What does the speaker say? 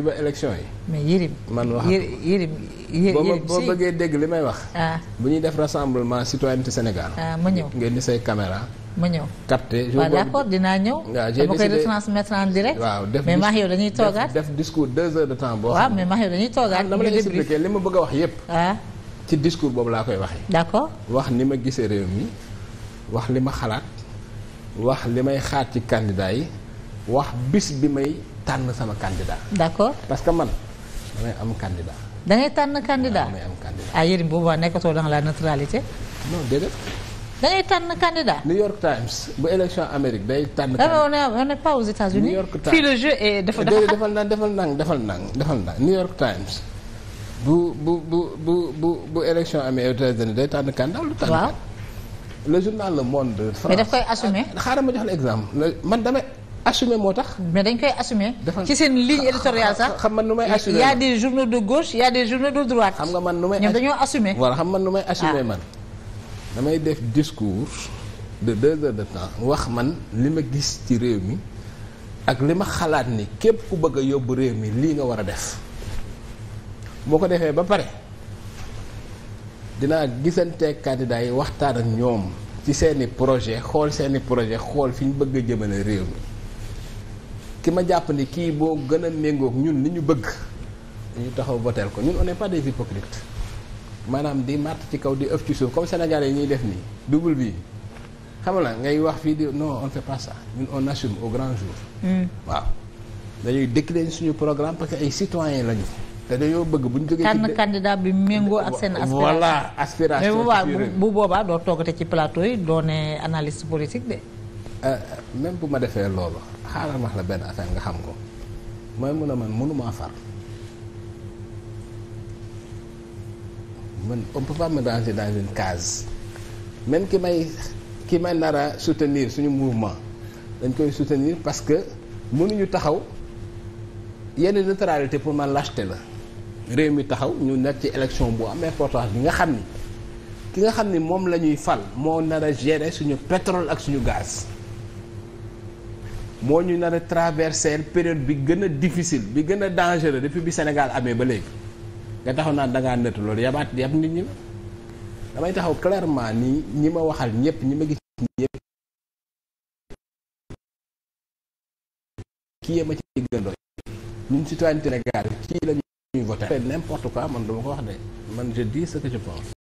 ci ba élection yi. mais Yérim man wax Yérim Yérim boo bëggee dégg li may wax. Ah. bu ñuy def rassemblement citoyenneté Sénégal. Ah, ma ñëw ngeen di say caméra. ma ñëw capté jour boobu d'accord dinaa ñëw. waaw j' ai décidé dama koy retransmettre en direct. waaw def mais maax yow dañuy toogaat def discours deux heures de temps boo. xam ne waaw mais maax yow dañuy toogaat. Ah, li ma bëgg a wax yépp ci discours boobu laa koy waxee. d'accord wax ni ma gisee réew mi wax li ma xalaat wax li may xaar ci candidat yi. waa bis bi may tànn sama candidat. d'accord parce que man damay am candidat. da ngay tànn candidat damay am candidat. ah Yérim boobaa la neutralité. non déedéet. da ngay tànn candidat. New York Times bu élection Amérique day tànn. Ah, candidat on New York Times defal nang defal nang defal nang defal nang New York Times. bu bu bu bu bu bu élection day tànn candidat lu tànn. waaw journal Le Monde. France daf koy assumer. Ah, xaaral ma jox la exemple man damay assumé moo tax. mais dañ koy assumé. ci seen ligne éditoriale sax. xam man nu may assumé des journaux de gauche y a des journaux de droite. man nu may ñoom dañoo assumé. voilà xam man nu may assumé ah. man. damay def discours de deux heures de temps wax man li ma gis ci réew mi ak li ma xalaat ni képp ku bëgg a yóbbu réew mi lii nga war a def boo ko defee ba pare dinaa gisante candidat waxtaan ak ñoom. ci seeni projet xool seeni projet xool fi ñu bëgg a jëmale réew mi ki ma jàpp ni kii boo gën a méngoog ñun li ñu bëgg ñu taxaw voteel ko ñun on n'est pas des hypocrites maanaam di màtt ci kaw di ëf ci suuf comme Sénégalais yi ñuy def nii double bi xam la ngay wax fii di non on fait pas ça ñun on assume au grand jour. Hmm. waaw dañuy décliner suñu programme parce que ay citoyens lañu. te dañoo bëgg bu ñu jógee tànn candidat bi méngoo ak seen. aspiration voilà aspiration bu boobaa doo toogate ci plateau yi doo ne analyste Euh, même bu ma defee loolu xaaral ma wax la benn affaire nga xam ko mooy mën a man mënumaa far mën on peut pas me ranger dans case même ki may ki may nara a soutenir suñu mouvement dañ koy soutenir parce que mënuñu taxaw yenn neutralité pour man lâcheté la réew mi taxaw ñu nekk ci élection bu amee importance bi nga xam ni ki nga xam ni moom la ñuy fal moo nar a suñu petrole ak suñu gaz moo ñu nar a traverser période bi gën a difficile bi gën a dangereux depuis bi Sénégal amee ba léegi nga taxaw naan da ngaa nëtt loolu yabaat yab nit ñi la damay taxaw clairement nii ñi ma waxal ñëpp ñi ma gis ñëpp kii yee ma ci gëndoo ñun citoyen Sénégal kii la ñuy voté n'importe quoi man dama ko wax de man je dis ce que je pense